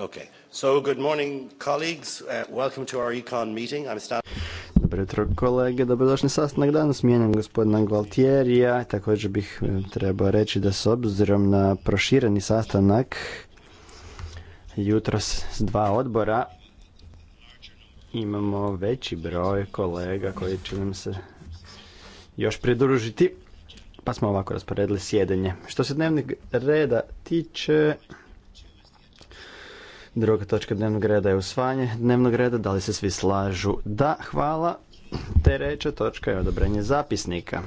Okay. So, good morning, colleagues. Uh, welcome to our econ meeting. I'm Dobro jutro kolege, dobrodošli sastanak danas. Mijenjam gospodina Gualtierija. Također bih eh, trebao reći da s obzirom na prošireni sastanak jutros s dva odbora imamo veći broj kolega koji će nam se još pridružiti. Pa smo ovako rasporedili sjedanje. Što se dnevnog reda tiče, Druga točka dnevnog reda je usvajanje dnevnog reda. Da li se svi slažu? Da, hvala. Treća točka je odobrenje zapisnika.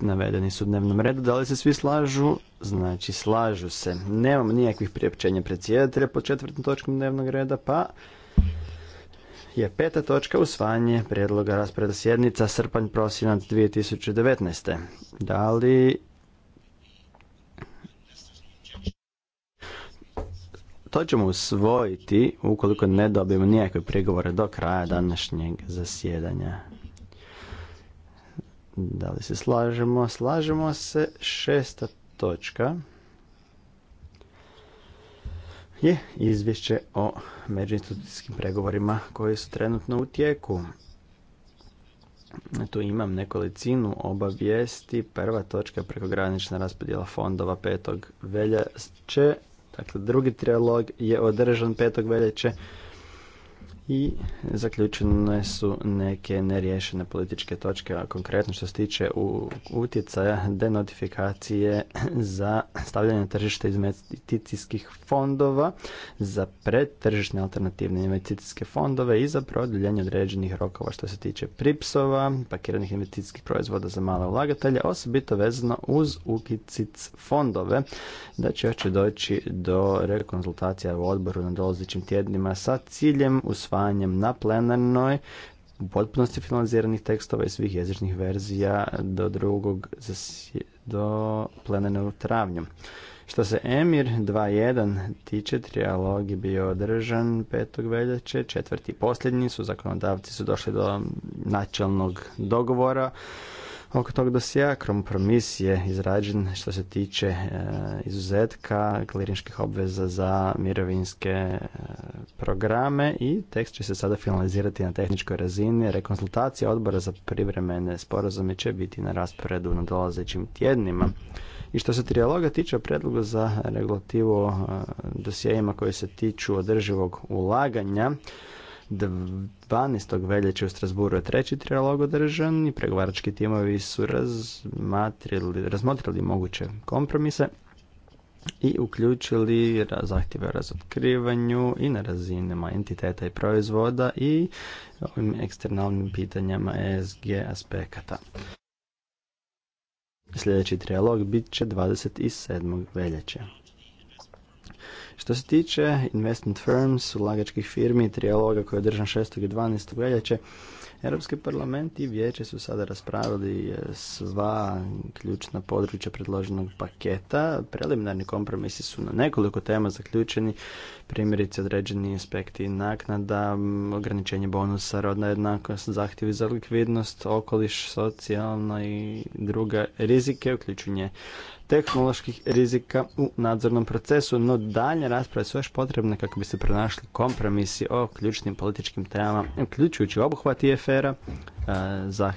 Navedeni su u dnevnom redu. Da li se svi slažu? Znači, slažu se. Nemam nijakvih priopćenja predsjedatelja po četvrtom točkom dnevnog reda, pa je peta točka usvajanje prijedloga rasporeda sjednica srpanj prosinac 2019. Da li To ćemo usvojiti ukoliko ne dobijemo nijakve prigovore do kraja današnjeg zasjedanja. Da li se slažemo? Slažemo se. Šesta točka je izvješće o međuinstitucijskim pregovorima koji su trenutno u tijeku. Tu imam nekolicinu obavijesti. Prva točka je prekogranična raspodjela fondova 5. veljače Dakle, drugi trijalog je održan 5. veljače i zaključene su neke neriješene političke točke, a konkretno što se tiče utjecaja denotifikacije za stavljanje tržišta tržište investicijskih fondova, za pretržišne alternativne investicijske fondove i za produljenje određenih rokova što se tiče pripsova, pakiranih investicijskih proizvoda za male ulagatelje, osobito vezano uz UKICIC fondove, da će još doći do rekonzultacija u odboru na dolazećim tjednima sa ciljem usvajanja usvajanjem na plenarnoj u potpunosti finaliziranih tekstova i svih jezičnih verzija do drugog do plenarne u travnju. Što se Emir 2.1 tiče, trijalog je bio održan 5. veljače, četvrti i posljednji su zakonodavci su došli do načelnog dogovora oko tog dosija kompromis je izrađen što se tiče e, izuzetka kliničkih obveza za mirovinske e, programe i tekst će se sada finalizirati na tehničkoj razini. Rekonsultacija odbora za privremene sporazume će biti na rasporedu na dolazećim tjednima. I što se trijaloga tiče predlogu za regulativu e, o koji se tiču održivog ulaganja, 12. veljače u Strasburu je treći trijalog održan i pregovarački timovi su razmatrili, razmotrili moguće kompromise i uključili zahtjeve o razotkrivanju i na razinama entiteta i proizvoda i ovim eksternalnim pitanjama ESG aspekata. Sljedeći trijalog bit će 27. veljače. Što se tiče investment firms, ulagačkih firmi, trijaloga koji je održan 6. i 12. veljače, Europski parlament i vijeće su sada raspravili e, sva ključna područja predloženog paketa. Preliminarni kompromisi su na nekoliko tema zaključeni, primjerice određeni aspekti naknada, ograničenje bonusa, rodna jednakost, zahtjevi za likvidnost, okoliš, socijalna i druga rizike, uključenje tehnoloških rizika u nadzornom procesu, no dalje rasprave su još potrebne kako bi se pronašli kompromisi o ključnim političkim temama, uključujući obuhvat IFR-a, e,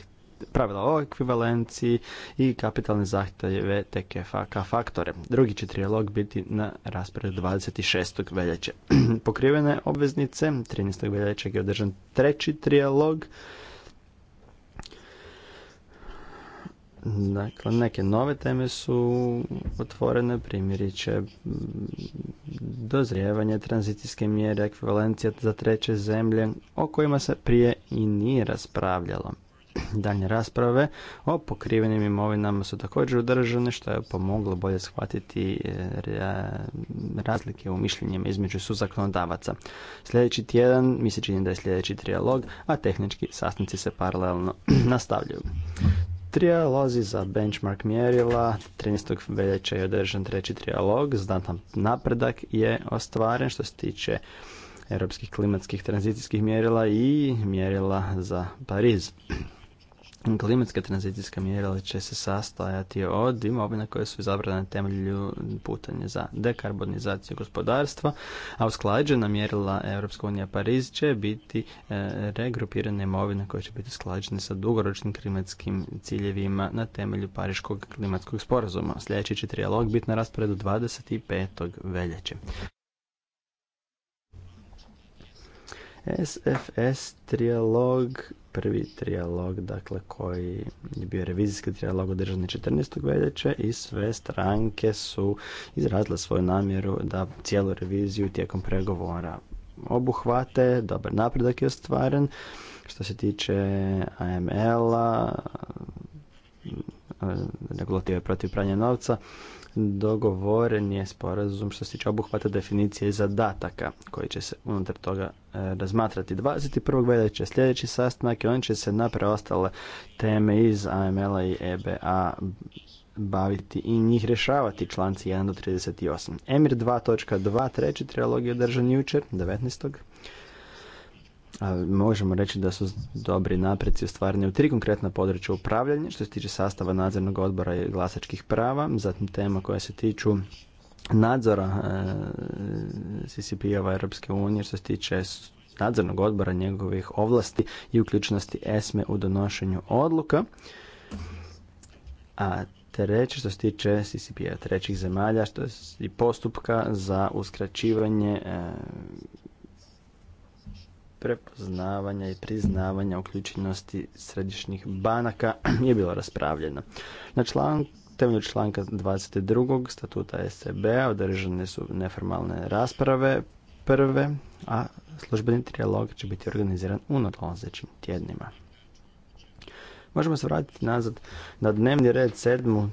pravila o ekvivalenciji i kapitalne zahtjeve te ka faktore. Drugi će trijalog biti na rasporedu 26. veljače. Pokrivene obveznice, 13. veljače je održan treći trijalog Dakle, neke nove teme su otvorene, primjerice dozrijevanje, tranzicijske mjere, ekvivalencija za treće zemlje, o kojima se prije i nije raspravljalo. Dalje rasprave o pokrivenim imovinama su također održane, što je pomoglo bolje shvatiti e, razlike u mišljenjima između suzakonodavaca. Sljedeći tjedan, mi se čini da je sljedeći trijalog, a tehnički sastanci se paralelno nastavljaju. Trijalozi za benchmark mjerila 13. veljače je održan treći trijalog, znatan napredak je ostvaren što se tiče europskih klimatskih tranzicijskih mjerila i mjerila za Pariz. Klimatska tranzicijska mjerila će se sastojati od imovina koje su izabrane na temelju putanja za dekarbonizaciju gospodarstva, a usklađena mjerila Europska unija Pariz će biti e, regrupirane imovine koje će biti usklađene sa dugoročnim klimatskim ciljevima na temelju Pariškog klimatskog sporazuma. Sljedeći će trijalog biti na rasporedu 25. veljače. SFS trijalog, prvi trijalog dakle, koji je bio revizijski trijalog održan 14. veljače i sve stranke su izrazile svoju namjeru da cijelu reviziju tijekom pregovora obuhvate, dobar napredak je ostvaren. Što se tiče AML-a, regulative protiv pranja novca, dogovoren je sporazum što se tiče obuhvata definicije zadataka koji će se unutar toga e, razmatrati. 21. veljače sljedeći sastanak i on će se na preostale teme iz aml i EBA baviti i njih rješavati članci 1 do 38. Emir 2.2 treći trilog je održan jučer 19 možemo reći da su dobri napreci ostvareni u tri konkretna područja upravljanja što se tiče sastava nadzornog odbora i glasačkih prava, zatim tema koja se tiču nadzora e, CCP-ova Europske unije što se tiče nadzornog odbora njegovih ovlasti i uključnosti ESME u donošenju odluka. A treće što se tiče CCP-a trećih zemalja što je i postupka za uskraćivanje e, prepoznavanja i priznavanja uključenosti središnjih banaka je bilo raspravljeno. Na član, temelju članka 22. statuta scb održane su neformalne rasprave prve, a službeni trijalog će biti organiziran u nadolazećim tjednima. Možemo se vratiti nazad na dnevni red sedmu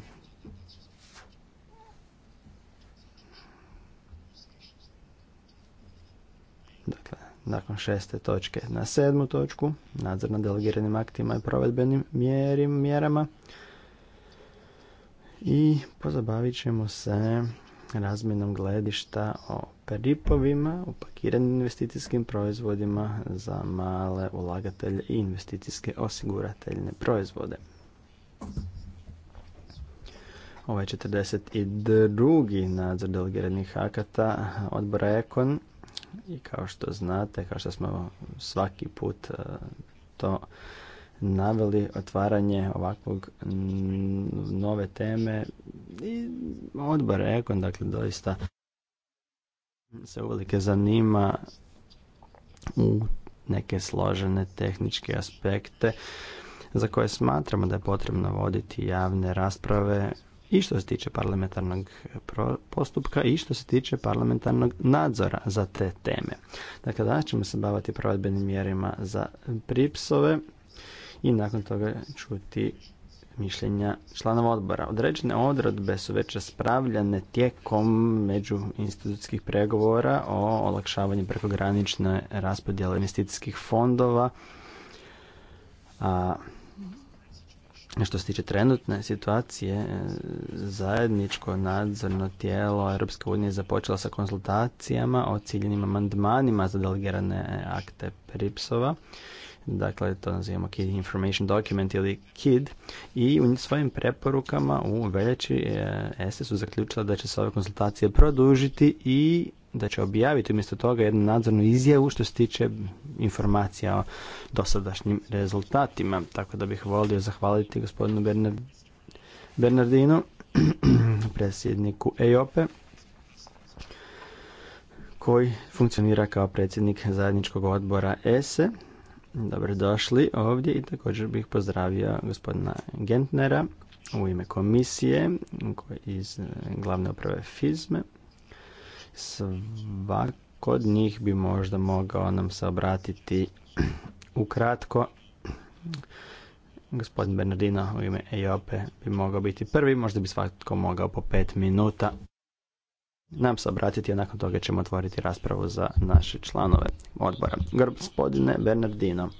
Dakle, nakon šeste točke na sedmu točku, nadzor na delegiranim aktima i provedbenim mjerim, mjerama. I pozabavit ćemo se razmjenom gledišta o peripovima, upakiranim investicijskim proizvodima za male ulagatelje i investicijske osigurateljne proizvode. Ovaj 42. nadzor delegiranih akata odbora Ekon i kao što znate, kao što smo svaki put e, to naveli otvaranje ovakvog nove teme i odbor Ekon, dakle doista se uvelike zanima u neke složene tehničke aspekte za koje smatramo da je potrebno voditi javne rasprave i što se tiče parlamentarnog eh, postupka i što se tiče parlamentarnog nadzora za te teme. Dakle, danas ćemo se baviti provedbenim mjerima za pripsove i nakon toga čuti mišljenja članova odbora. Određene odredbe su već raspravljane tijekom međuinstitucijskih pregovora o olakšavanju prekogranične raspodjele investicijskih fondova, a što se tiče trenutne situacije, e, zajedničko nadzorno tijelo Europske unije započelo sa konsultacijama o ciljenim amandmanima za delegirane akte PRIPSova. Dakle, to nazivamo Kid Information Document ili KID. I u svojim preporukama u veljači ESE su zaključila da će se ove konsultacije produžiti i da će objaviti umjesto toga jednu nadzornu izjavu što se tiče informacija o dosadašnjim rezultatima. Tako da bih volio zahvaliti gospodinu Bernard, Bernardinu, predsjedniku EOPE, koji funkcionira kao predsjednik zajedničkog odbora ESE. Dobrodošli ovdje i također bih pozdravio gospodina Gentnera u ime komisije iz glavne uprave FIZME. Svako od njih bi možda mogao nam se obratiti ukratko. Gospodin Bernardino u ime EOPE bi mogao biti prvi, možda bi svatko mogao po pet minuta nam se obratiti, a nakon toga ćemo otvoriti raspravu za naše članove odbora. Gospodine Bernardino,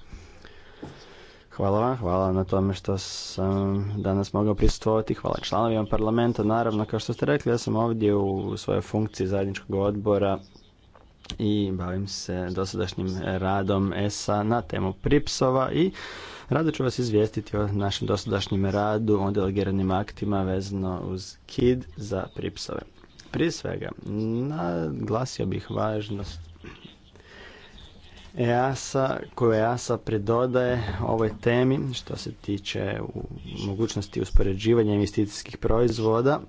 Hvala vam, hvala na tome što sam danas mogao pristovati, hvala članovima parlamenta, naravno kao što ste rekli ja sam ovdje u svojoj funkciji zajedničkog odbora i bavim se dosadašnjim radom ESA na temu pripsova i rado ću vas izvijestiti o našem dosadašnjem radu, o delegiranim aktima vezano uz KID za pripsove. Prije svega, naglasio bih važnost EASA, koju EASA pridodaje ovoj temi što se tiče mogućnosti uspoređivanja investicijskih proizvoda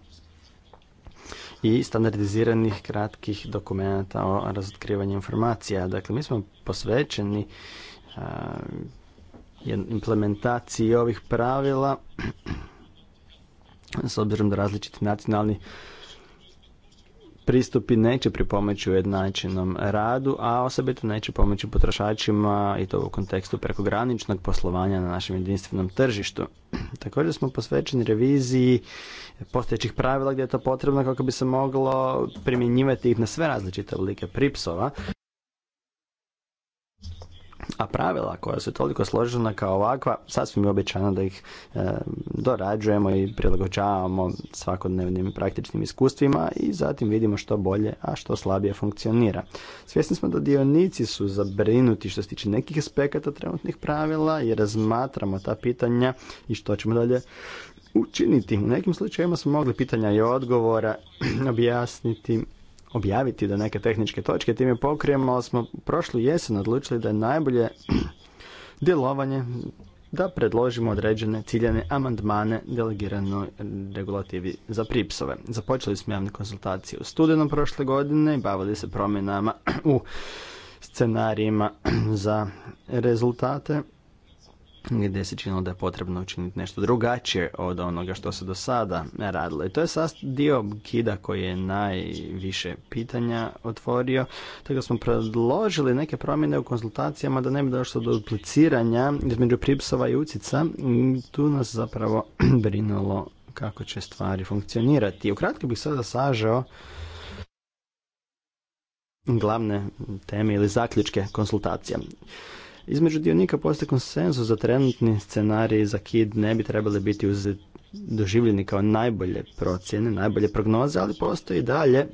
i standardiziranih kratkih dokumenata o razotkrivanju informacija. Dakle, mi smo posvećeni implementaciji ovih pravila s obzirom da različiti nacionalni pristupi neće pripomoći ujednačenom radu, a osobito neće pomoći potrošačima i to u kontekstu prekograničnog poslovanja na našem jedinstvenom tržištu. Također smo posvećeni reviziji postojećih pravila gdje je to potrebno kako bi se moglo primjenjivati ih na sve različite oblike pripsova, a pravila koja su toliko složena kao ovakva, sasvim je obećano da ih e, dorađujemo i prilagođavamo svakodnevnim praktičnim iskustvima i zatim vidimo što bolje, a što slabije funkcionira. Svjesni smo da dionici su zabrinuti što se tiče nekih aspekata trenutnih pravila i razmatramo ta pitanja i što ćemo dalje učiniti. U nekim slučajevima smo mogli pitanja i odgovora objasniti objaviti da neke tehničke točke, time pokrijemo smo prošlu jesen odlučili da je najbolje djelovanje da predložimo određene ciljane amandmane delegiranoj regulativi za pripsove. Započeli smo javne konzultacije u studenom prošle godine i bavili se promjenama u scenarijima za rezultate gdje se činilo da je potrebno učiniti nešto drugačije od onoga što se do sada radilo. I to je dio kida koji je najviše pitanja otvorio, tako da smo predložili neke promjene u konzultacijama da ne bi došlo do dupliciranja između pripsova i ucica. Tu nas zapravo brinulo kako će stvari funkcionirati. Ukratko bih sada sažao glavne teme ili zaključke konsultacija. Između dionika postoji konsenzus za trenutni scenarij za KID ne bi trebali biti doživljeni kao najbolje procjene, najbolje prognoze, ali postoji dalje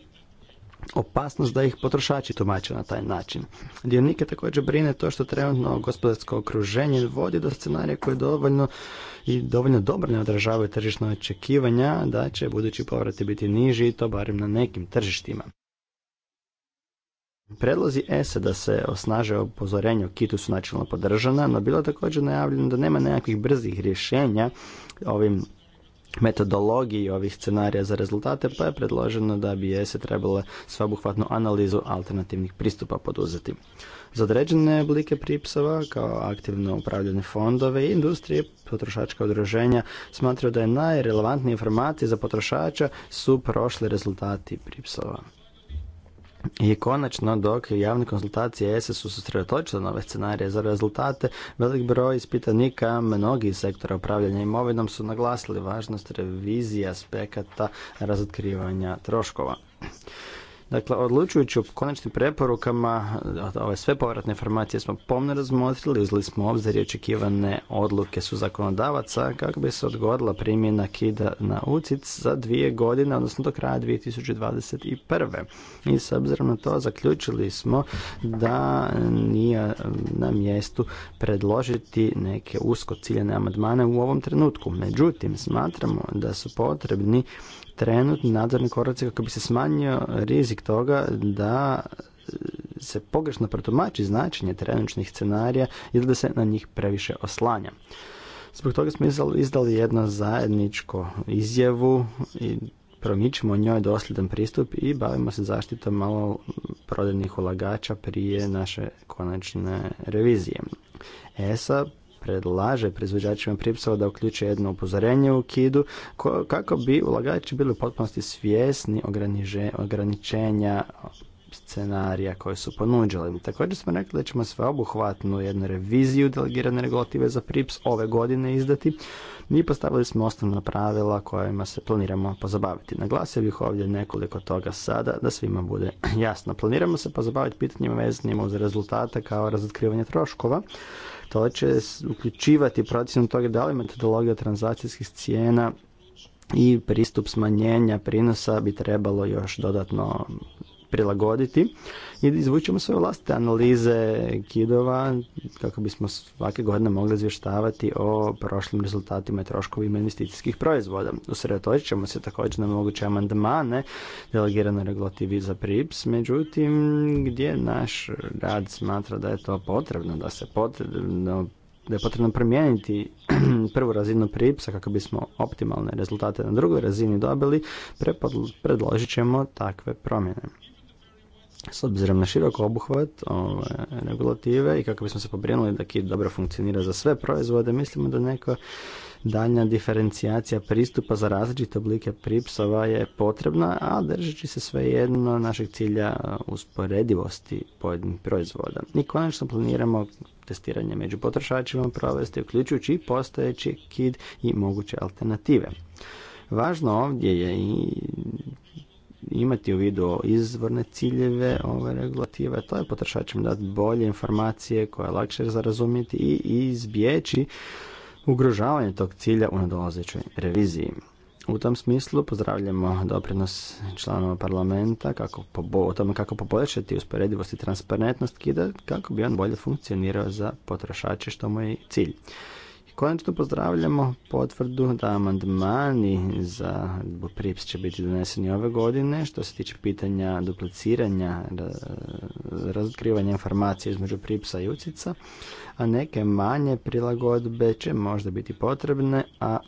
opasnost da ih potrošači tumače na taj način. Dionike također brine to što trenutno gospodarsko okruženje vodi do scenarija koje dovoljno i dovoljno dobro ne odražavaju tržišno očekivanja da će budući povrati biti niži i to barem na nekim tržištima. Predlozi ESA da se osnaže upozorenje o kitu su načelno podržana, no bilo je također najavljeno da nema nekakvih brzih rješenja ovim metodologiji ovih scenarija za rezultate, pa je predloženo da bi ESA trebala sveobuhvatnu analizu alternativnih pristupa poduzeti. Za određene oblike pripsova, kao aktivno upravljene fondove i industrije, potrošačka udruženja smatraju da je najrelevantnija informacija za potrošača su prošli rezultati pripsova. I konačno, dok javne konsultacije ESE su sredotočene nove scenarije za rezultate, velik broj ispitanika mnogi sektora upravljanja imovinom su naglasili važnost revizije aspekata razotkrivanja troškova. Dakle, odlučujući u konačnim preporukama, ove sve povratne informacije smo pomno razmotrili, uzeli smo obzir i očekivane odluke su zakonodavaca kako bi se odgodila primjena kida na UCIC za dvije godine, odnosno do kraja 2021. I s obzirom na to zaključili smo da nije na mjestu predložiti neke usko ciljene amandmane u ovom trenutku. Međutim, smatramo da su potrebni trenutni nadzorni koraci kako bi se smanjio rizik toga da se pogrešno protumači značenje trenutnih scenarija ili da se na njih previše oslanja. Zbog toga smo izdali jedno zajedničko izjavu i promičimo njoj dosljedan pristup i bavimo se zaštitom malo prodajnih ulagača prije naše konačne revizije. ESA predlaže proizvođačima pripsova da uključe jedno upozorenje u kidu kako bi ulagači bili u potpunosti svjesni ograničenja scenarija koje su ponuđali. Također smo rekli da ćemo sveobuhvatnu jednu reviziju delegirane regulative za PRIPS ove godine izdati i postavili smo osnovna pravila kojima se planiramo pozabaviti. Naglasio bih ovdje nekoliko toga sada da svima bude jasno. Planiramo se pozabaviti pitanjima vezanima uz rezultate kao razotkrivanje troškova, to će uključivati procjenu toga da li metodologija transakcijskih cijena i pristup smanjenja prinosa bi trebalo još dodatno prilagoditi i izvućemo svoje vlastite analize kidova kako bismo svake godine mogli izvještavati o prošlim rezultatima i troškovima investicijskih proizvoda. Usredotočit ćemo se također na moguće amandmane delegirane regulativi za PRIPS, međutim gdje naš rad smatra da je to potrebno, da se potrebno da je potrebno promijeniti prvu razinu pripsa kako bismo optimalne rezultate na drugoj razini dobili, predložit ćemo takve promjene s obzirom na širok obuhvat ove regulative i kako bismo se pobrinuli da kit dobro funkcionira za sve proizvode, mislimo da neka daljnja diferencijacija pristupa za različite oblike pripsova je potrebna, a držeći se svejedno našeg cilja e, usporedivosti pojedinih proizvoda. I konačno planiramo testiranje među potrošačima provesti, uključujući i postojeći KID i moguće alternative. Važno ovdje je i imati u vidu izvorne ciljeve ove regulative, to je potrašačem dati bolje informacije koje je lakše za razumjeti i izbjeći ugrožavanje tog cilja u nadolazećoj reviziji. U tom smislu pozdravljamo doprinos članova parlamenta kako o tome kako poboljšati usporedivost i transparentnost KIDA kako bi on bolje funkcionirao za potrošače što mu je cilj. Konačno pozdravljamo potvrdu da amandmani za PRIPS će biti doneseni ove godine. Što se tiče pitanja dupliciranja, razotkrivanja informacije između Pripsa i Ucica, a neke manje prilagodbe će možda biti potrebne, a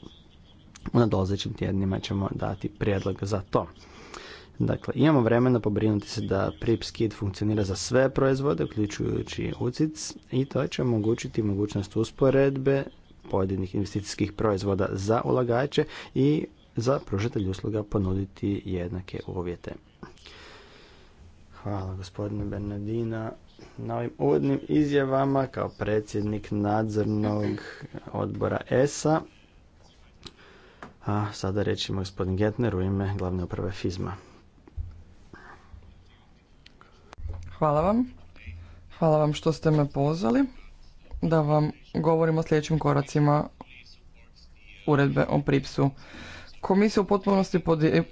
u nadolazećim tjednima ćemo dati prijedlog za to. Dakle, imamo vremena pobrinuti se da PRIPS kit funkcionira za sve proizvode, uključujući UCIC, i to će omogućiti mogućnost usporedbe pojedinih investicijskih proizvoda za ulagače i za pružatelj usluga ponuditi jednake uvjete. Hvala gospodine Bernardina na ovim uvodnim izjavama kao predsjednik nadzornog odbora ESA. A sada rećimo gospodin Getner u ime glavne uprave FIZMA. Hvala vam. Hvala vam što ste me pozvali da vam govorim o sljedećim koracima uredbe o pripsu. Komisija u potpunosti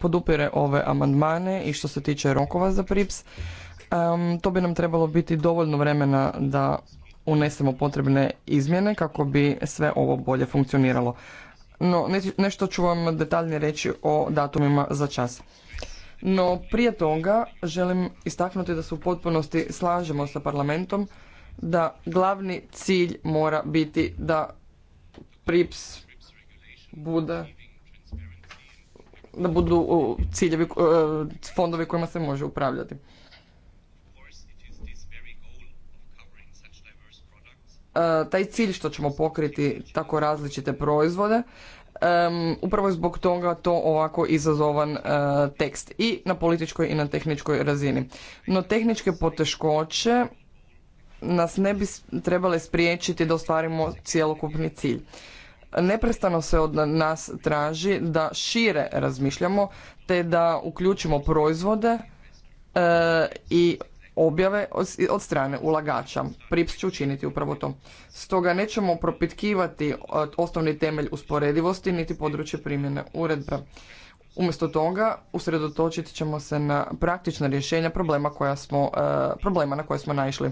podupire ove amandmane i što se tiče rokova za prips. to bi nam trebalo biti dovoljno vremena da unesemo potrebne izmjene kako bi sve ovo bolje funkcioniralo. No, nešto ću vam detaljnije reći o datumima za čas. No, prije toga želim istaknuti da se u potpunosti slažemo sa parlamentom da glavni cilj mora biti da PRIPS bude da budu ciljevi fondovi kojima se može upravljati. E, taj cilj što ćemo pokriti tako različite proizvode, upravo je zbog toga to ovako izazovan e, tekst i na političkoj i na tehničkoj razini. No tehničke poteškoće nas ne bi trebale spriječiti da ostvarimo cjelokupni cilj. Neprestano se od nas traži da šire razmišljamo te da uključimo proizvode e, i objave od strane ulagača. PRIPS će učiniti upravo to. Stoga nećemo propitkivati e, osnovni temelj usporedivosti niti područje primjene uredbe. Umjesto toga usredotočit ćemo se na praktična rješenja problema, koja smo, e, problema na koje smo naišli.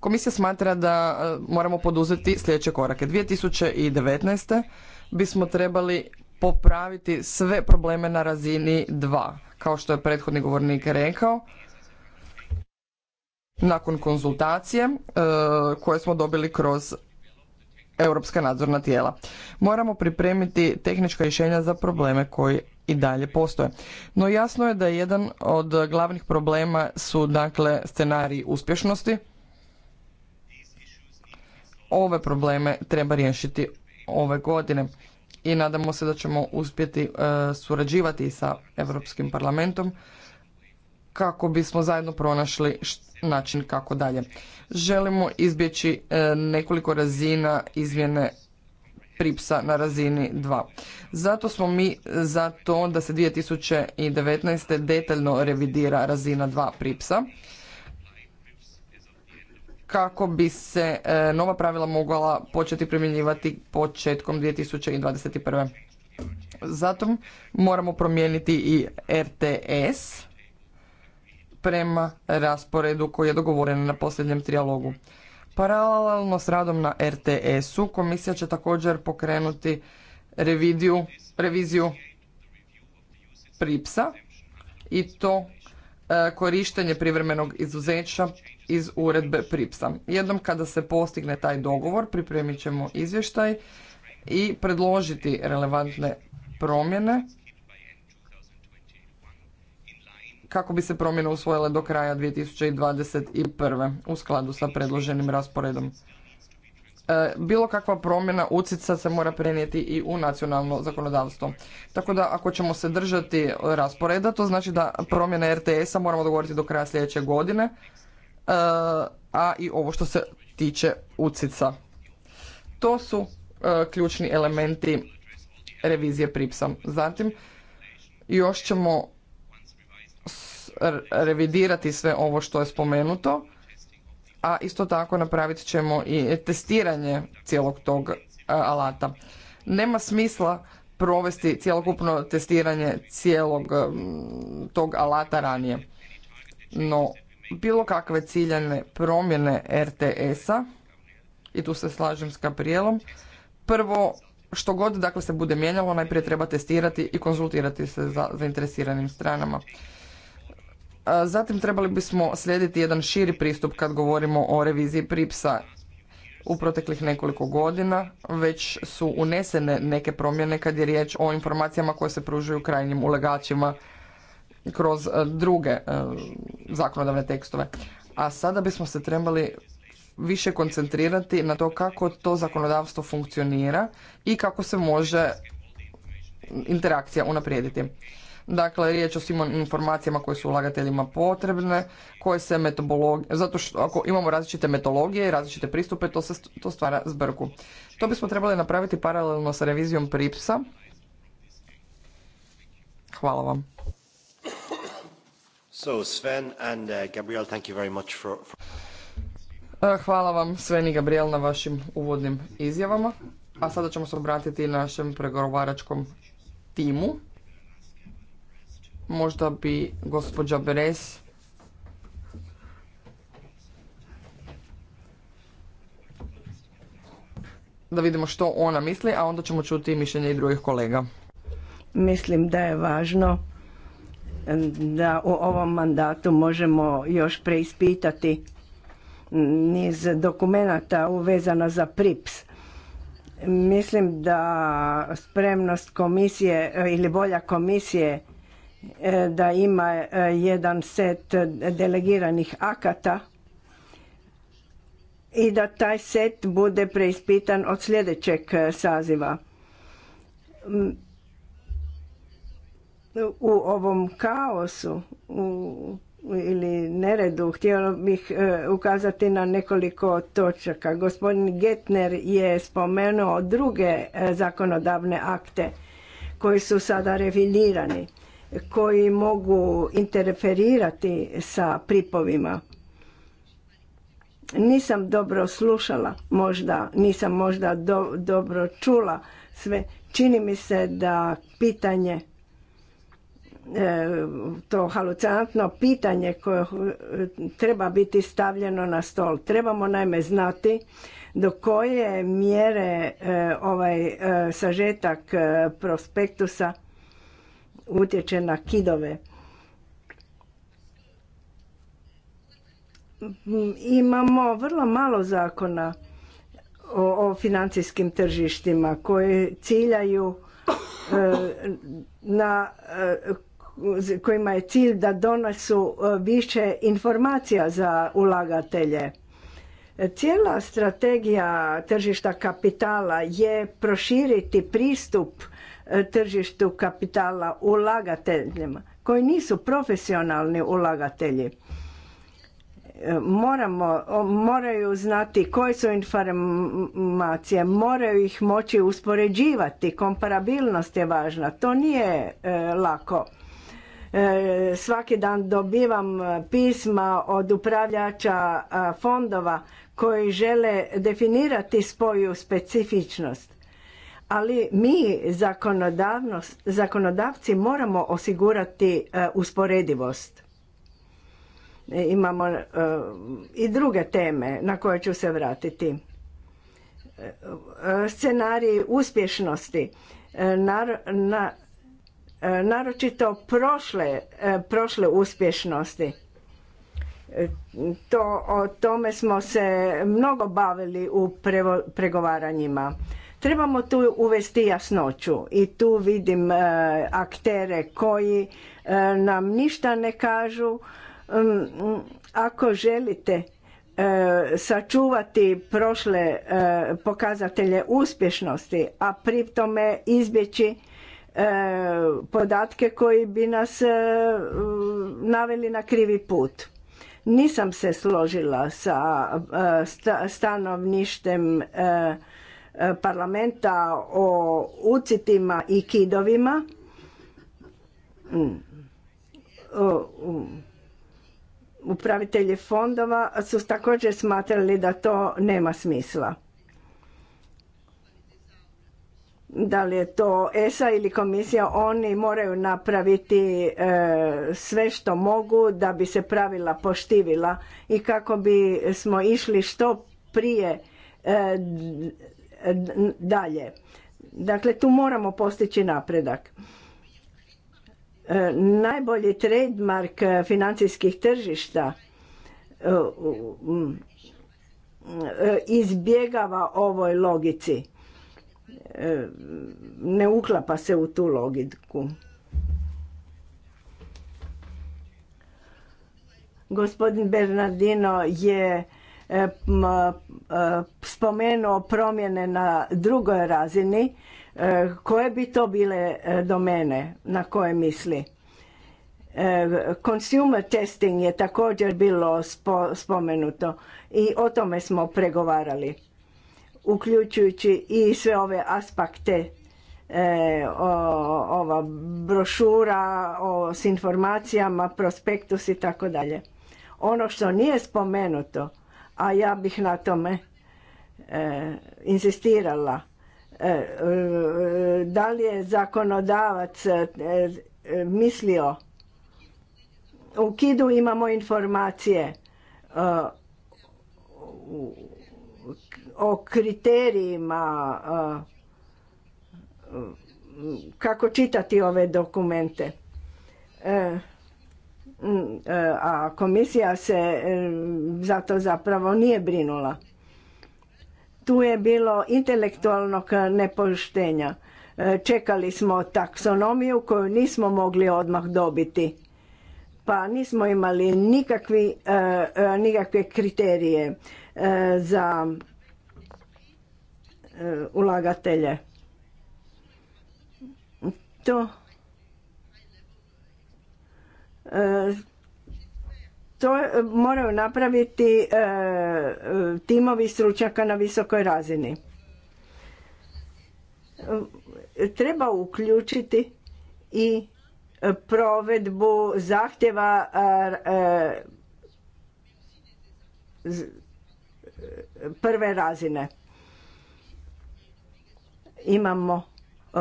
Komisija smatra da e, moramo poduzeti sljedeće korake. 2019. bismo trebali popraviti sve probleme na razini 2, kao što je prethodni govornik rekao. Nakon konzultacije e, koje smo dobili kroz europska nadzorna tijela. Moramo pripremiti tehnička rješenja za probleme koji i dalje postoje. No jasno je da jedan od glavnih problema su dakle scenariji uspješnosti ove probleme treba riješiti ove godine i nadamo se da ćemo uspjeti e, surađivati sa Europskim parlamentom kako bismo zajedno pronašli način kako dalje. Želimo izbjeći e, nekoliko razina izmjene pripsa na razini 2. Zato smo mi za to da se 2019. detaljno revidira razina 2 pripsa kako bi se e, nova pravila mogla početi primjenjivati početkom 2021. Zatom moramo promijeniti i RTS prema rasporedu koji je dogovoren na posljednjem trijalogu. Paralelno s radom na RTS-u komisija će također pokrenuti reviziju, reviziju pripsa i to e, korištenje privremenog izuzeća iz uredbe PRIPSA. Jednom kada se postigne taj dogovor, pripremit ćemo izvještaj i predložiti relevantne promjene kako bi se promjene usvojile do kraja 2021. u skladu sa predloženim rasporedom. E, bilo kakva promjena ucica se mora prenijeti i u nacionalno zakonodavstvo. Tako da ako ćemo se držati rasporeda, to znači da promjene RTS-a moramo dogovoriti do kraja sljedeće godine a i ovo što se tiče ucica. To su e, ključni elementi revizije pripsa. Zatim još ćemo revidirati sve ovo što je spomenuto, a isto tako napraviti ćemo i testiranje cijelog tog e, alata. Nema smisla provesti cjelokupno testiranje cijelog tog alata ranije. No, bilo kakve ciljane promjene RTS-a i tu se slažem s Kaprijelom, Prvo, što god dakle se bude mijenjalo, najprije treba testirati i konzultirati se za zainteresiranim stranama. Zatim trebali bismo slijediti jedan širi pristup kad govorimo o reviziji Pripsa u proteklih nekoliko godina već su unesene neke promjene kad je riječ o informacijama koje se pružaju krajnjim ulegačima kroz e, druge e, zakonodavne tekstove. A sada bismo se trebali više koncentrirati na to kako to zakonodavstvo funkcionira i kako se može interakcija unaprijediti. Dakle, riječ o svim informacijama koje su ulagateljima potrebne, koje se metodologije, zato što ako imamo različite metodologije i različite pristupe, to, se, to stvara zbrku. To bismo trebali napraviti paralelno sa revizijom Pripsa. Hvala vam. Gabriel, Hvala vam Sven i Gabriel na vašim uvodnim izjavama. A sada ćemo se obratiti našem pregovaračkom timu. Možda bi gospođa Beres da vidimo što ona misli, a onda ćemo čuti mišljenje i drugih kolega. Mislim da je važno da u ovom mandatu možemo još preispitati niz dokumenata uvezano za PRIPS. Mislim da spremnost komisije eh, ili volja komisije eh, da ima eh, jedan set delegiranih akata i da taj set bude preispitan od sljedećeg saziva u ovom kaosu u, ili neredu htjela bih e, ukazati na nekoliko točaka. Gospodin Getner je spomenuo druge e, zakonodavne akte koji su sada revidirani, koji mogu interferirati sa pripovima. Nisam dobro slušala, možda, nisam možda dobro čula sve. Čini mi se da pitanje E, to halucinantno pitanje koje e, treba biti stavljeno na stol. Trebamo najme znati do koje mjere e, ovaj sažetak prospektusa utječe na kidove. Imamo vrlo malo zakona o, o financijskim tržištima koji ciljaju na kojima je cilj da donesu e, više informacija za ulagatelje. Cijela strategija tržišta kapitala je proširiti pristup e, tržištu kapitala ulagateljima koji nisu profesionalni ulagatelji. E, moramo, moraju znati koje su informacije, moraju ih moći uspoređivati, komparabilnost je važna, to nije lako. E, svaki dan dobivam e, pisma od upravljača e, fondova koji žele definirati svoju specifičnost. Ali mi zakonodavci moramo osigurati usporedivost. Imamo i druge teme na koje ću se vratiti. Scenarij uspješnosti. E, naročito prošle, e, prošle uspješnosti. E, to, o tome smo se mnogo bavili u pregovaranjima. Trebamo tu uvesti jasnoću i tu vidim aktere koji nam ništa ne kažu. Mm, mm, ako želite sačuvati prošle pokazatelje uspješnosti, a pri tome izbjeći E, podatke koji bi nas e, naveli na krivi put. Nisam se složila sa e, stanovništem parlamenta o ucitima i kidovima. Mm. Upravitelji fondova su također smatrali da to nema smisla da li je to ESA ili komisija, oni moraju napraviti e, sve što mogu da bi se pravila poštivila i kako bi smo išli što prije e, dalje. Dakle, tu moramo postići napredak. E, najbolji trademark financijskih tržišta izbjegava ovoj logici E, ne uklapa se u tu logiku. Gospodin Bernardino je e, e, spomenuo promjene na drugoj razini. Koje bi to bile domene na koje misli? Consumer testing je također bilo spomenuto i o tome smo pregovarali uključujući i sve ove aspekte e, ova brošura o, s informacijama, prospektus i tako dalje. Ono što nije spomenuto, a ja bih na tome e, insistirala, e, e, da li je zakonodavac mislio u kidu imamo informacije u o kriterijima kako čitati ove dokumente. E, e, a komisija se e, za to zapravo nije brinula. Tu je bilo intelektualnog nepoštenja. Čekali smo taksonomiju koju nismo mogli odmah dobiti. Pa nismo imali nikakve kriterije za E, ulagatelje. To e, to moraju napraviti e, timovi stručnjaka na visokoj razini. Treba uključiti i provedbu zahtjeva prve razine imamo e,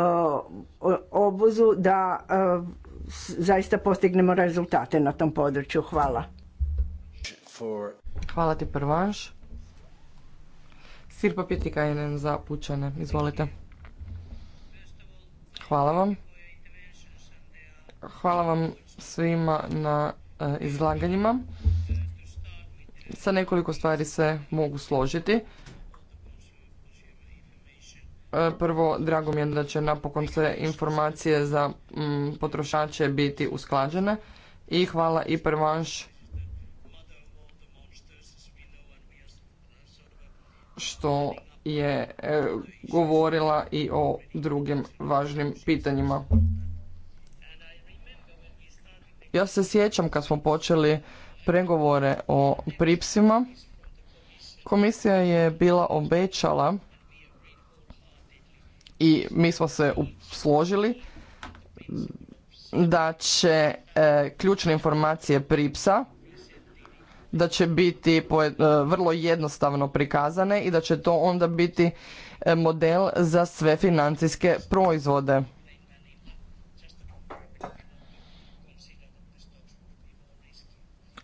obuzu da e, zaista postignemo rezultate na tom području. Hvala. Hvala ti Prvanš. Sirpa Pitikajnen za pučane. Izvolite. Hvala vam. Hvala vam svima na e, izlaganjima. Sa nekoliko stvari se mogu složiti. E, prvo, drago mi je da će napokon sve informacije za mm, potrošače biti usklađene i hvala i prvanš što je e, govorila i o drugim važnim pitanjima. Ja se sjećam kad smo počeli pregovore o pripsima, komisija je bila obećala i mi smo se složili da će e, ključne informacije pripsa da će biti e, vrlo jednostavno prikazane i da će to onda biti e, model za sve financijske proizvode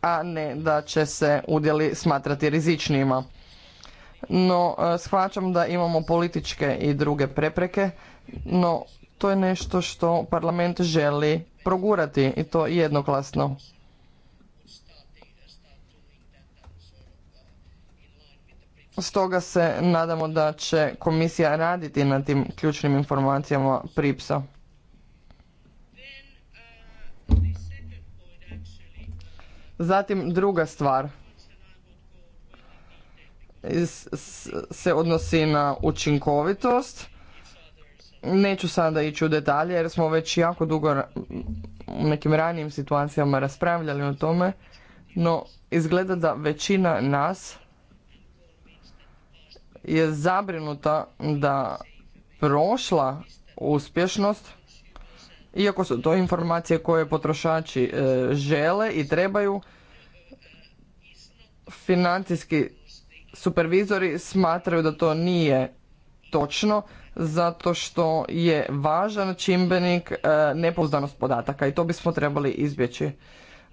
a ne da će se udjeli smatrati rizičnijima no e, shvaćam da imamo političke i druge prepreke, no to je nešto što parlament želi progurati i to jednoglasno. Stoga se nadamo da će komisija raditi na tim ključnim informacijama PRIPSA. Zatim druga stvar – se odnosi na učinkovitost. Neću sada ići u detalje jer smo već jako dugo u nekim ranijim situacijama raspravljali o tome, no izgleda da većina nas je zabrinuta da prošla uspješnost, iako su to informacije koje potrošači e, žele i trebaju, financijski Supervizori smatraju da to nije točno zato što je važan čimbenik e, nepouzdanost podataka i to bismo trebali izbjeći.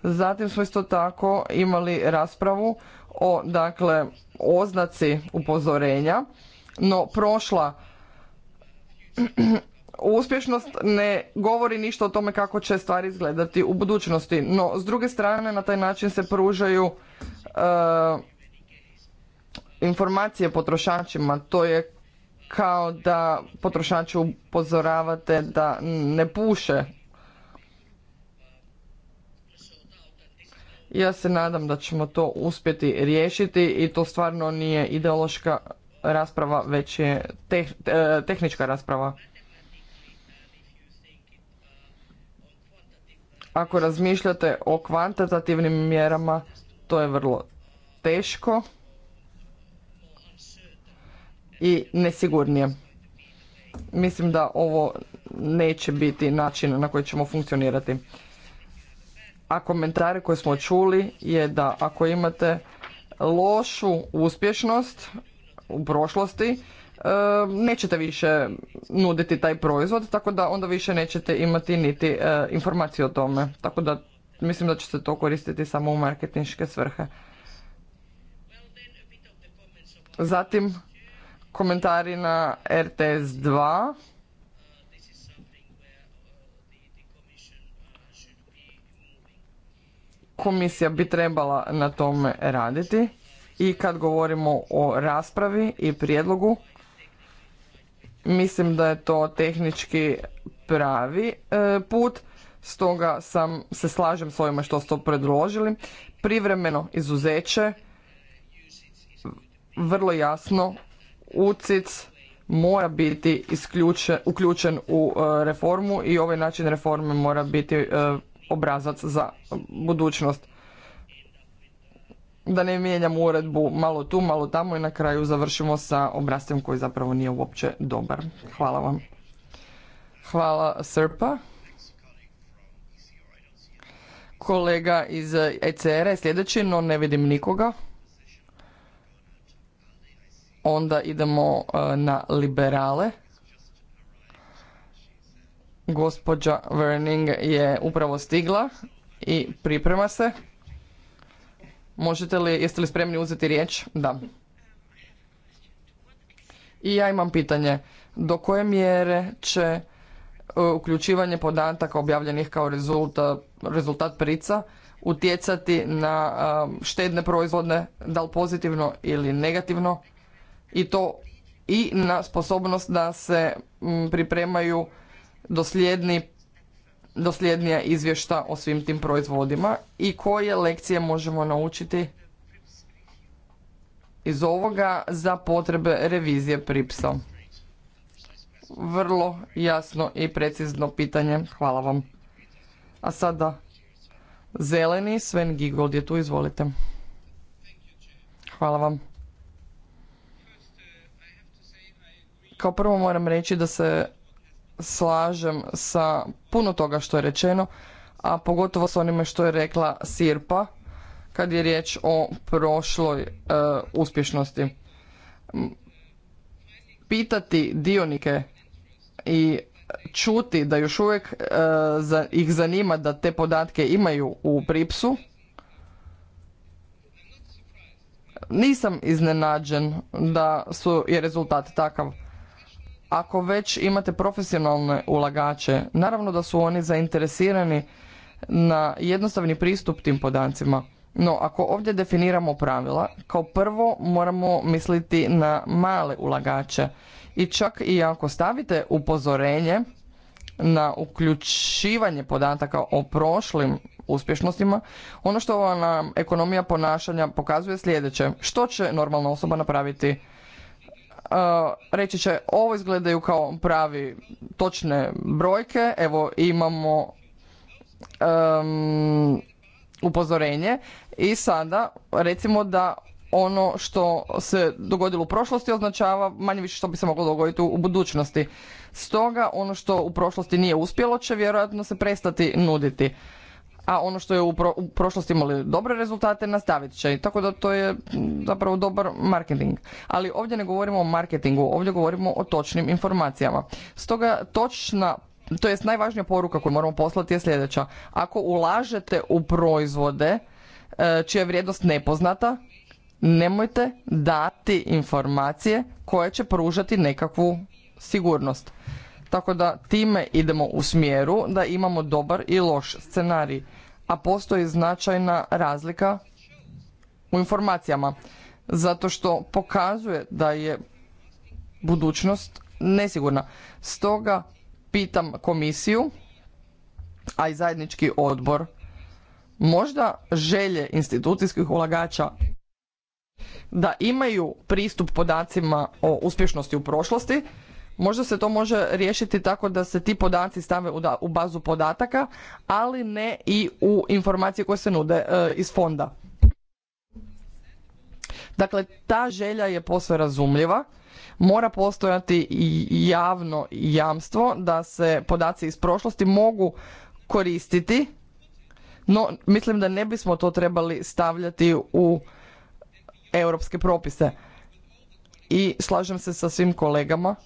Zatim smo isto tako imali raspravu o dakle oznaci upozorenja, no prošla uspješnost ne govori ništa o tome kako će stvari izgledati u budućnosti. No, s druge strane na taj način se pružaju e, informacije potrošačima, to je kao da potrošače upozoravate da ne puše. Ja se nadam da ćemo to uspjeti riješiti i to stvarno nije ideološka rasprava, već je eh, tehnička rasprava. Ako razmišljate o kvantitativnim mjerama, to je vrlo teško i nesigurnije. Mislim da ovo neće biti način na koji ćemo funkcionirati. A komentare koje smo čuli je da ako imate lošu uspješnost u prošlosti, e, nećete više nuditi taj proizvod, tako da onda više nećete imati niti e, informacije o tome. Tako da mislim da će se to koristiti samo u marketinške svrhe. Zatim, komentari na RTS 2. Komisija bi trebala na tome raditi i kad govorimo o raspravi i prijedlogu, mislim da je to tehnički pravi e, put, stoga sam, se slažem s ovima što ste predložili. Privremeno izuzeće vrlo jasno UCIC mora biti uključen u e, reformu i ovaj način reforme mora biti e, obrazac za budućnost. Da ne mijenjamo uredbu malo tu, malo tamo i na kraju završimo sa obrazcem koji zapravo nije uopće dobar. Hvala vam. Hvala Srpa. Kolega iz ECR-a je sljedeći, no ne vidim nikoga. Onda idemo e, na liberale. Gospođa Verning je upravo stigla i priprema se. Možete li, jeste li spremni uzeti riječ? Da. I ja imam pitanje. Do koje mjere će e, uključivanje podataka objavljenih kao rezultat, rezultat prica utjecati na e, štedne proizvodne, da li pozitivno ili negativno? i to i na sposobnost da se mm, pripremaju dosljedni, dosljednija izvješta o svim tim proizvodima i koje lekcije možemo naučiti iz ovoga za potrebe revizije pripsa. Vrlo jasno i precizno pitanje. Hvala vam. A sada zeleni Sven Gigold je tu, izvolite. Hvala vam. Kao prvo moram reći da se slažem sa puno toga što je rečeno, a pogotovo s onime što je rekla Sirpa kad je riječ o prošloj e, uspješnosti. Pitati dionike i čuti da još uvijek e, za, ih zanima da te podatke imaju u pripsu. Nisam iznenađen da su je rezultat takav ako već imate profesionalne ulagače, naravno da su oni zainteresirani na jednostavni pristup tim podacima. No, ako ovdje definiramo pravila, kao prvo moramo misliti na male ulagače. I čak i ako stavite upozorenje na uključivanje podataka o prošlim uspješnostima, ono što vam ekonomija ponašanja pokazuje sljedeće. Što će normalna osoba napraviti reći će ovo izgledaju kao pravi točne brojke, evo imamo um, upozorenje i sada recimo da ono što se dogodilo u prošlosti označava manje više što bi se moglo dogoditi u budućnosti. Stoga ono što u prošlosti nije uspjelo će vjerojatno se prestati nuditi a ono što je u, prošlosti imali dobre rezultate nastavit će. Tako da to je zapravo dobar marketing. Ali ovdje ne govorimo o marketingu, ovdje govorimo o točnim informacijama. Stoga točna to jest najvažnija poruka koju moramo poslati je sljedeća. Ako ulažete u proizvode e, čija je vrijednost nepoznata, nemojte dati informacije koje će pružati nekakvu sigurnost. Tako da time idemo u smjeru da imamo dobar i loš scenarij a postoji značajna razlika u informacijama zato što pokazuje da je budućnost nesigurna. Stoga pitam komisiju, a i zajednički odbor, možda želje institucijskih ulagača da imaju pristup podacima o uspješnosti u prošlosti Možda se to može riješiti tako da se ti podaci stave u bazu podataka, ali ne i u informacije koje se nude e, iz fonda. Dakle, ta želja je posve razumljiva. Mora postojati i javno jamstvo da se podaci iz prošlosti mogu koristiti, no mislim da ne bismo to trebali stavljati u europske propise. I slažem se sa svim kolegama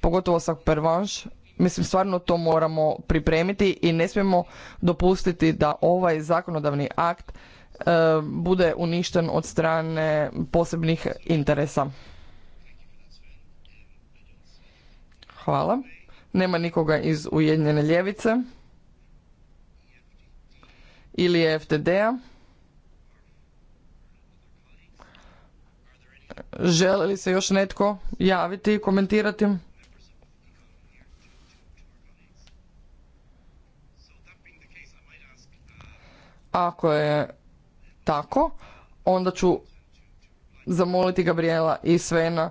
pogotovo sa pervanš, mislim stvarno to moramo pripremiti i ne smijemo dopustiti da ovaj zakonodavni akt e, bude uništen od strane posebnih interesa. Hvala. Nema nikoga iz Ujedinjene ljevice ili FTD-a. Želi li se još netko javiti i komentirati? Ako je tako, onda ću zamoliti Gabriela i Svena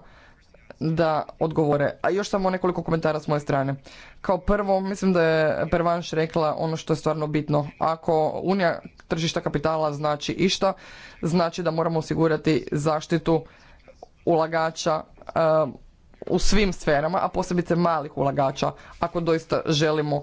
da odgovore. A još samo nekoliko komentara s moje strane. Kao prvo, mislim da je Pervanš rekla ono što je stvarno bitno. Ako unija tržišta kapitala znači išta, znači da moramo osigurati zaštitu ulagača eh, u svim sferama, a posebice malih ulagača, ako doista želimo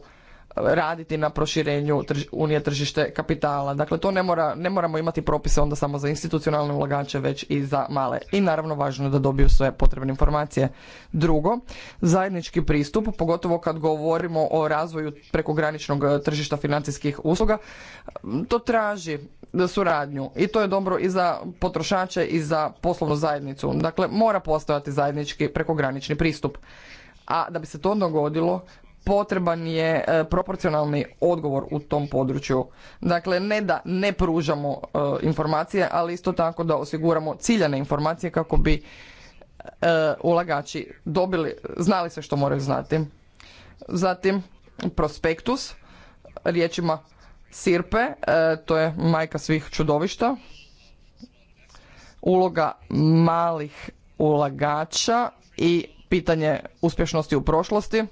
raditi na proširenju unije tržište kapitala. Dakle, to ne, mora, ne moramo imati propise onda samo za institucionalne ulagače, već i za male. I naravno važno je da dobiju sve potrebne informacije. Drugo, zajednički pristup, pogotovo kad govorimo o razvoju prekograničnog e, tržišta financijskih usluga, to traži suradnju i to je dobro i za potrošače i za poslovnu zajednicu. Dakle, mora postojati zajednički prekogranični pristup. A da bi se to dogodilo, potreban je e, proporcionalni odgovor u tom području. Dakle, ne da ne pružamo e, informacije, ali isto tako da osiguramo ciljane informacije kako bi e, ulagači dobili, znali se što moraju znati. Zatim, prospektus, riječima Sirpe, to je majka svih čudovišta. Uloga malih ulagača i pitanje uspješnosti u prošlosti.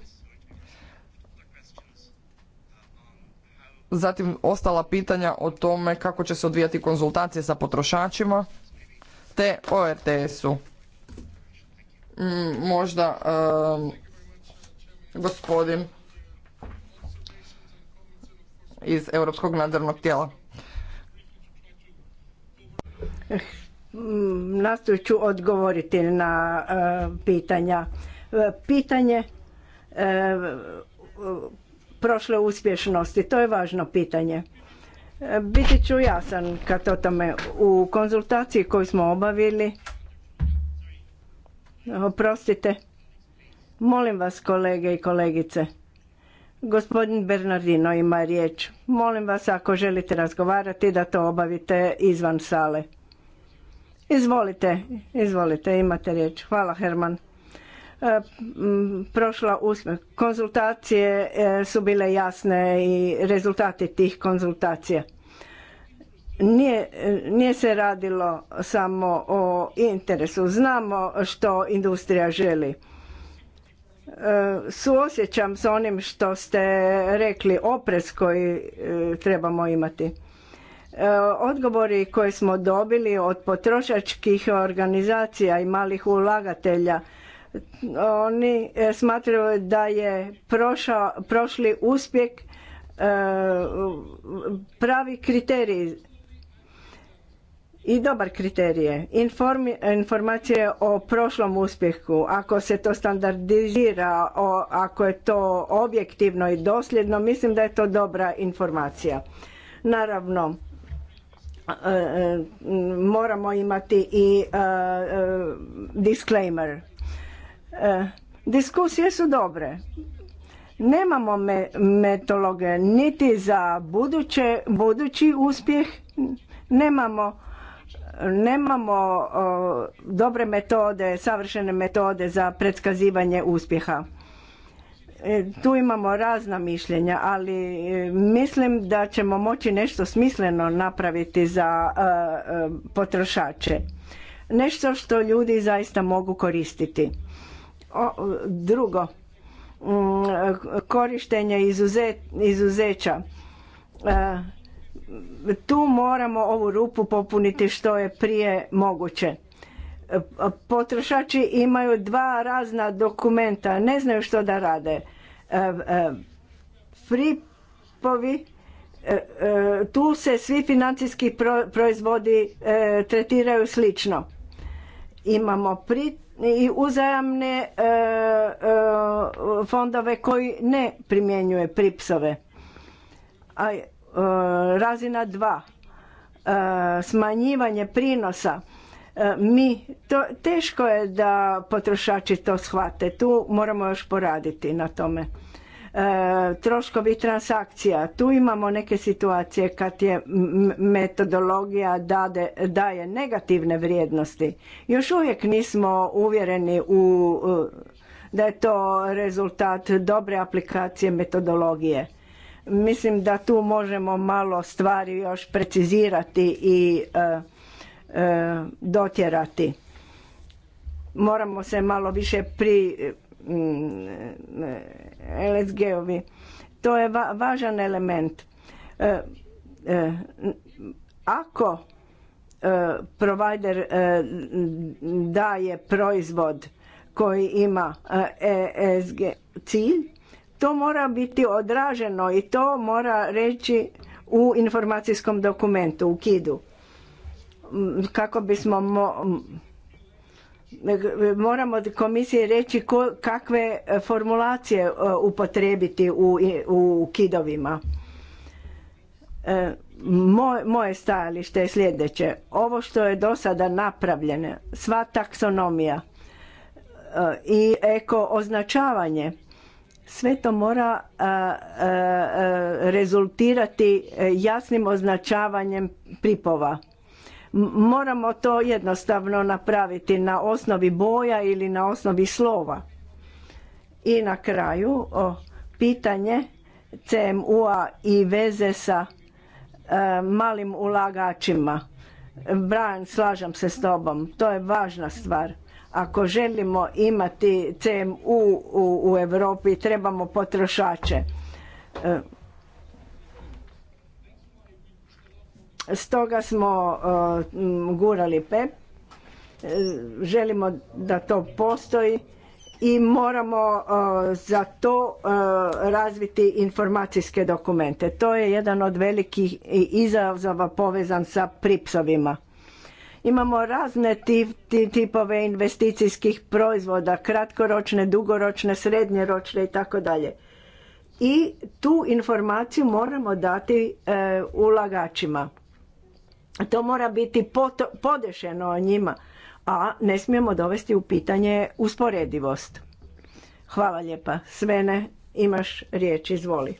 zatim ostala pitanja o tome kako će se odvijati konzultacije sa potrošačima te o RTS-u. Mm, možda gospodin iz Europskog nadzornog tijela. Eh, mm, Nastojit ću odgovoriti na eh, pitanja. Eh, pitanje prošle uspješnosti? To je važno pitanje. E, biti ću jasan kad o tome u konzultaciji koju smo obavili. Oprostite. Molim vas kolege i kolegice. Gospodin Bernardino ima riječ. Molim vas ako želite razgovarati da to obavite izvan sale. Izvolite, izvolite, imate riječ. Hvala Herman. E, prošla uspjeh. Konzultacije e, su bile jasne i rezultati tih konzultacija. Nije, nije se radilo samo o interesu. Znamo što industrija želi. E, suosjećam s onim što ste rekli, oprez koji trebamo imati. Odgovori koje smo dobili od potrošačkih organizacija i malih ulagatelja oni e, smatraju da je prošli uspjeh e, pravi kriterij i dobar kriterij je informacije o prošlom uspjehu ako se to standardizira ako je to objektivno i dosljedno mislim da je to dobra informacija naravno e, moramo imati i disclaimer E, diskusije su dobre. Nemamo me metologe niti za buduće, budući uspjeh, nemamo nemamo dobre metode, savršene metode za predskazivanje uspjeha. E, tu imamo razna mišljenja, ali e, mislim da ćemo moći nešto smisleno napraviti za potrošače. Nešto što ljudi zaista mogu koristiti drugo, mm, korištenje izuzeća. E, tu moramo ovu rupu popuniti što je prije moguće. E, potrošači imaju dva razna dokumenta, ne znaju što da rade. E, fripovi, tu se svi financijski proizvodi tretiraju slično. Imamo pri i uzajamne e, e, fondove koji ne primjenjuje pripsove. A e, razina dva, smanjivanje prinosa mi to teško je da potrošači to shvate. Tu moramo još poraditi na tome. E, troškovi transakcija. Tu imamo neke situacije kad je metodologija daje negativne vrijednosti. Još uvijek nismo uvjereni u da je to rezultat dobre aplikacije metodologije. Mislim da tu možemo malo stvari još precizirati i e, e, dotjerati. Moramo se malo više pri LSG-ovi. To je važan element. E, e, ako e, provider e, daje proizvod koji ima ESG cilj, to mora biti odraženo i to mora reći u informacijskom dokumentu, u Kidu Kako bismo moramo komisije reći kakve e, formulacije e, upotrijebiti u, u kidovima. E, moje stajalište je sljedeće. Ovo što je do sada napravljeno, sva taksonomija i eko označavanje, sve to mora rezultirati jasnim označavanjem pripova Moramo to jednostavno napraviti na osnovi boja ili na osnovi slova. I na kraju o, pitanje CMU-a i veze sa e, malim ulagačima. Brian, slažem se s tobom, to je važna stvar. Ako želimo imati CMU u, Europi trebamo potrošače. E, Stoga smo e, gurali PEP, e, želimo da to postoji i moramo e, za to razviti informacijske dokumente. To je jedan od velikih izazova povezan sa pripsovima. Imamo razne tipove investicijskih proizvoda, kratkoročne, dugoročne, srednjeročne i tako dalje. I tu informaciju moramo dati ulagačima to mora biti podešeno njima, a ne smijemo dovesti u pitanje usporedivost. Hvala lijepa. Svene, imaš riječ, izvoli.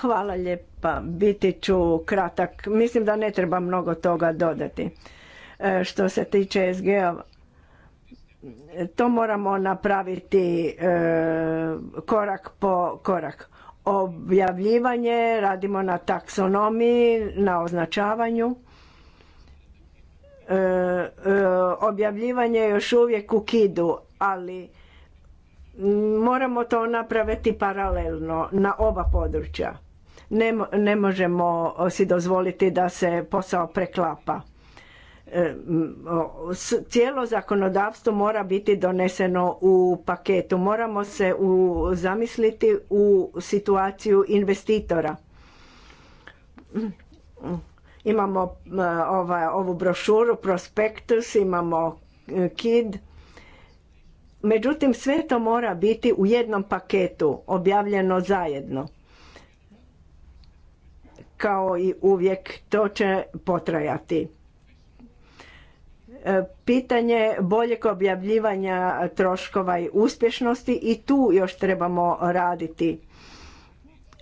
Hvala lijepa, biti ću kratak. Mislim da ne treba mnogo toga dodati. E, što se tiče sg to moramo napraviti e, korak po korak objavljivanje, radimo na taksonomiji, na označavanju. E, e, objavljivanje još uvijek u kidu, ali moramo to napraviti paralelno na oba područja. Ne, ne možemo si dozvoliti da se posao preklapa cijelo zakonodavstvo mora biti doneseno u paketu. Moramo se zamisliti u situaciju investitora. Imamo eh, ovu brošuru, prospektus, imamo eh, KID. Međutim, sve to mora biti u jednom paketu, objavljeno zajedno. Kao i uvijek, to će potrajati E, pitanje boljeg objavljivanja troškova i uspješnosti i tu još trebamo raditi.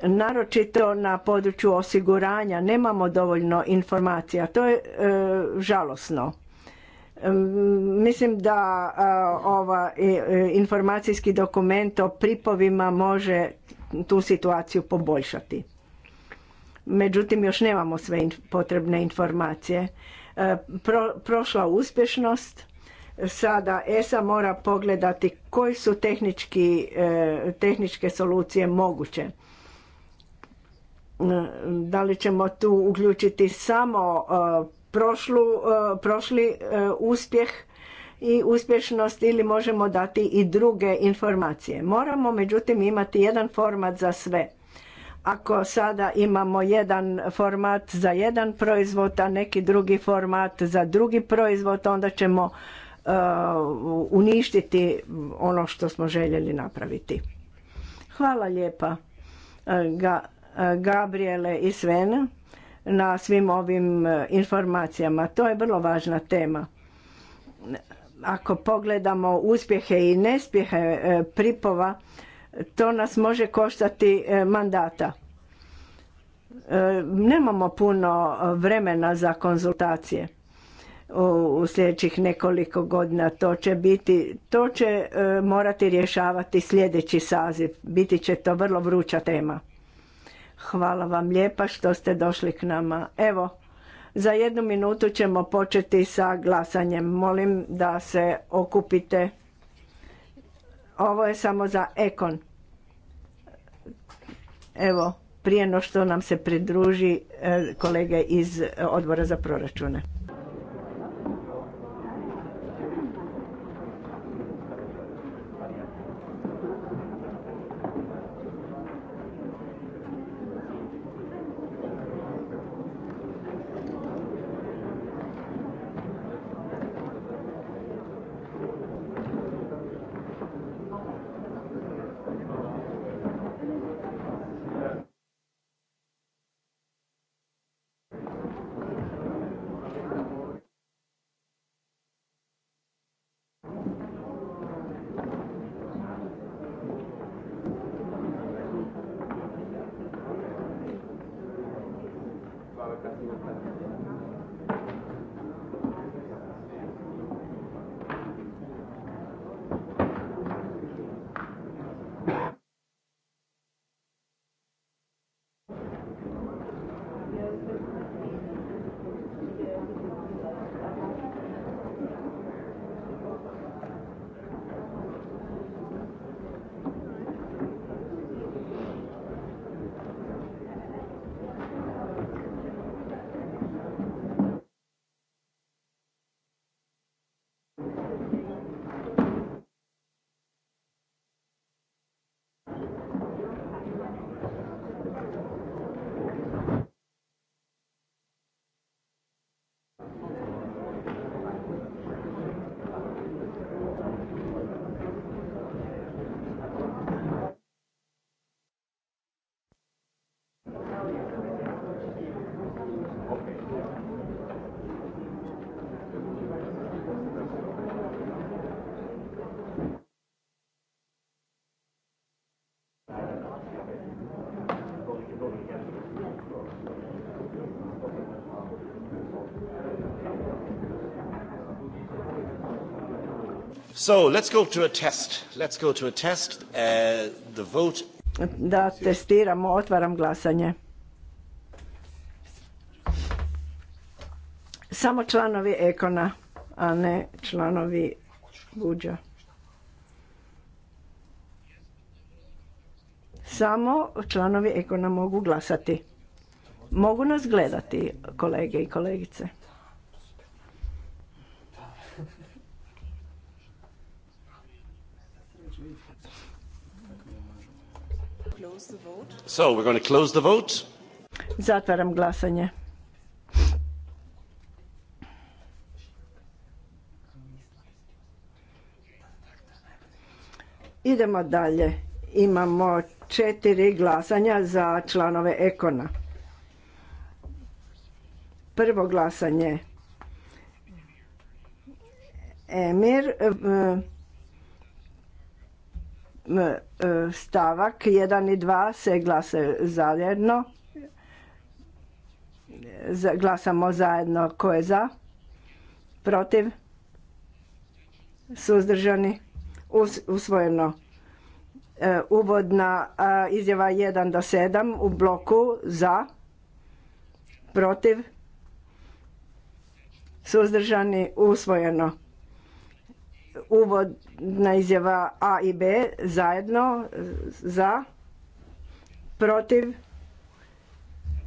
Naročito na području osiguranja nemamo dovoljno informacija. To je e, žalosno. E, mislim da ova informacijski dokument o pripovima može tu situaciju poboljšati. Međutim, još nemamo sve potrebne informacije. E, pro, prošla uspješnost. Sada ESA mora pogledati koji su tehnički, e, tehničke solucije moguće. E, da li ćemo tu uključiti samo prošlu, prošli uspjeh i uspješnost ili možemo dati i druge informacije. Moramo međutim imati jedan format za sve. Ako sada imamo jedan format za jedan proizvod, a neki drugi format za drugi proizvod, onda ćemo e, uništiti ono što smo željeli napraviti. Hvala lijepa e, Ga, e, Gabriele i Sven na svim ovim informacijama. To je vrlo važna tema. Ako pogledamo uspjehe i nespjehe pripova, to nas može koštati e, mandata. E, nemamo puno vremena za konzultacije u sljedećih nekoliko godina. To će biti, to će e, morati rješavati sljedeći saziv. Biti će to vrlo vruća tema. Hvala vam lijepa što ste došli k nama. Evo, za jednu minutu ćemo početi sa glasanjem. Molim da se okupite. Ovo je samo za ekon. Evo, prije no što nam se pridruži e, kolege iz e, odbora za proračune. So, let's go to a test. Let's go to a test. Uh, the vote... Da testiramo, otvaram glasanje. Samo članovi Ekona, a ne članovi Buđa. Samo članovi Ekona mogu glasati. Mogu nas gledati, kolege i kolegice. Zatvaram glasanje. Idemo dalje. Imamo četiri glasanja za članove Ekona. Prvo glasanje. Emir, stavak 1 i 2 se glase zajedno. Glasamo zajedno ko je za, protiv, suzdržani, usvojeno. E, uvodna izjava 1 do 7 u bloku za, protiv, suzdržani, usvojeno uvodna izjava A i B zajedno za protiv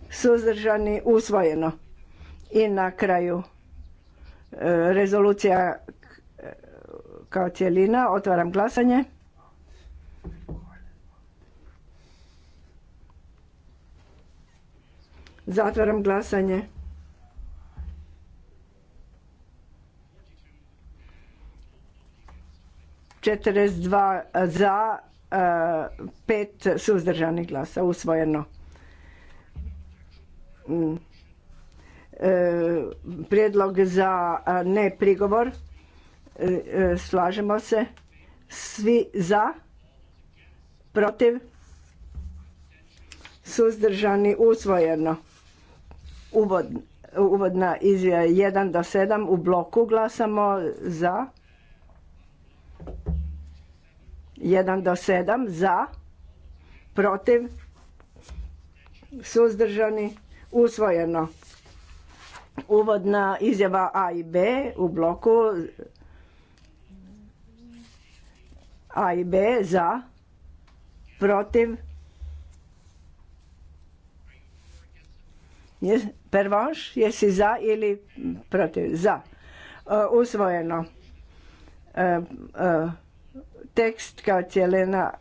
suzdržani usvojeno i na kraju e, rezolucija e, kao cijelina. otvaram glasanje zatvaram glasanje 42 za, 5 e, suzdržanih glasa. Usvojeno. Mm. E, prijedlog za e, ne prigovor. Slažemo se. Svi za, protiv, suzdržani, usvojeno. uvodna izvija 1 do 7 u bloku glasamo za, jedan do 7 za, protiv, suzdržani, usvojeno. Uvodna izjava A i B u bloku A i B za, protiv, Pervanš, jesi za ili protiv? Za. E, usvojeno. E, e, tekst kao cijelena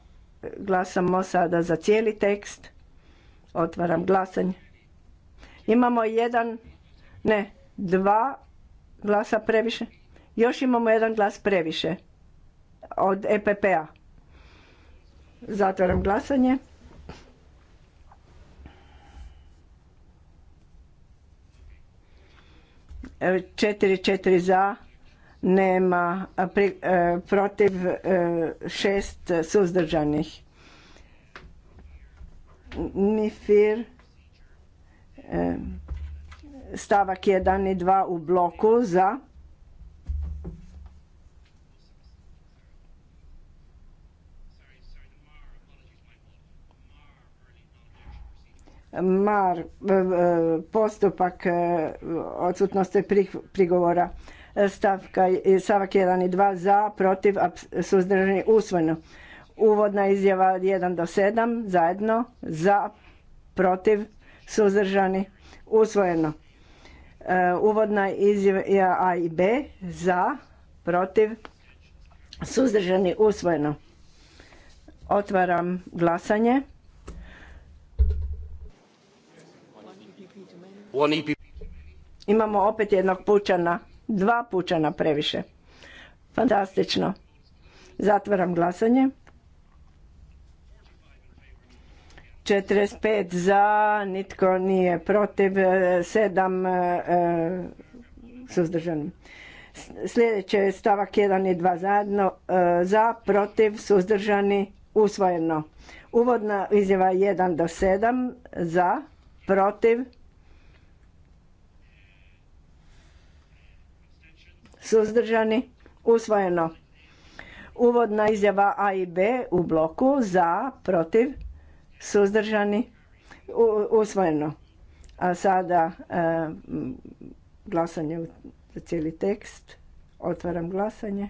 e, glasamo sada za cijeli tekst. Otvaram glasanje. Imamo jedan, ne, dva glasa previše. Još imamo jedan glas previše od EPP-a. Zatvaram glasanje. E, četiri, četiri za, nema e, protiv e, šest suzdržanih. MIFIR e, stavak 1 i 2 u bloku za MAR e, postupak odsutnosti prigovora E, stavka, stavak 1 i 2 za, protiv, suzdržani, usvojeno. Uvodna izjava 1 do 7 zajedno, za, protiv, suzdržani, usvojeno. E, uvodna izjava A i B za, protiv, suzdržani, usvojeno. Otvaram glasanje. E Imamo opet jednog pučana. Dva pučana previše. Fantastično. Zatvaram glasanje. 45 za, nitko nije protiv, 7 e, suzdržan. Sljedeće je stavak 1 i 2 zajedno, e, za, protiv, suzdržani, usvojeno. Uvodna izjava 1 do 7, za, protiv, suzdržani, usvojeno. Uvodna izjava A i B u bloku za, protiv, suzdržani, usvojeno. A sada e, glasanje za cijeli tekst. Otvaram glasanje.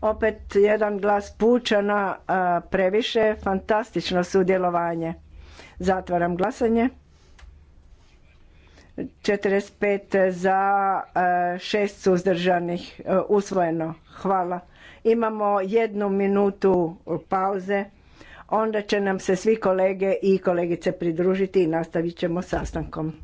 Opet jedan glas pučana previše, fantastično sudjelovanje. Zatvaram glasanje. 45 za, e, šest suzdržanih e, usvojeno. Hvala. Imamo jednu minutu pauze. Onda će nam se svi kolege i kolegice pridružiti i nastavit ćemo sastankom.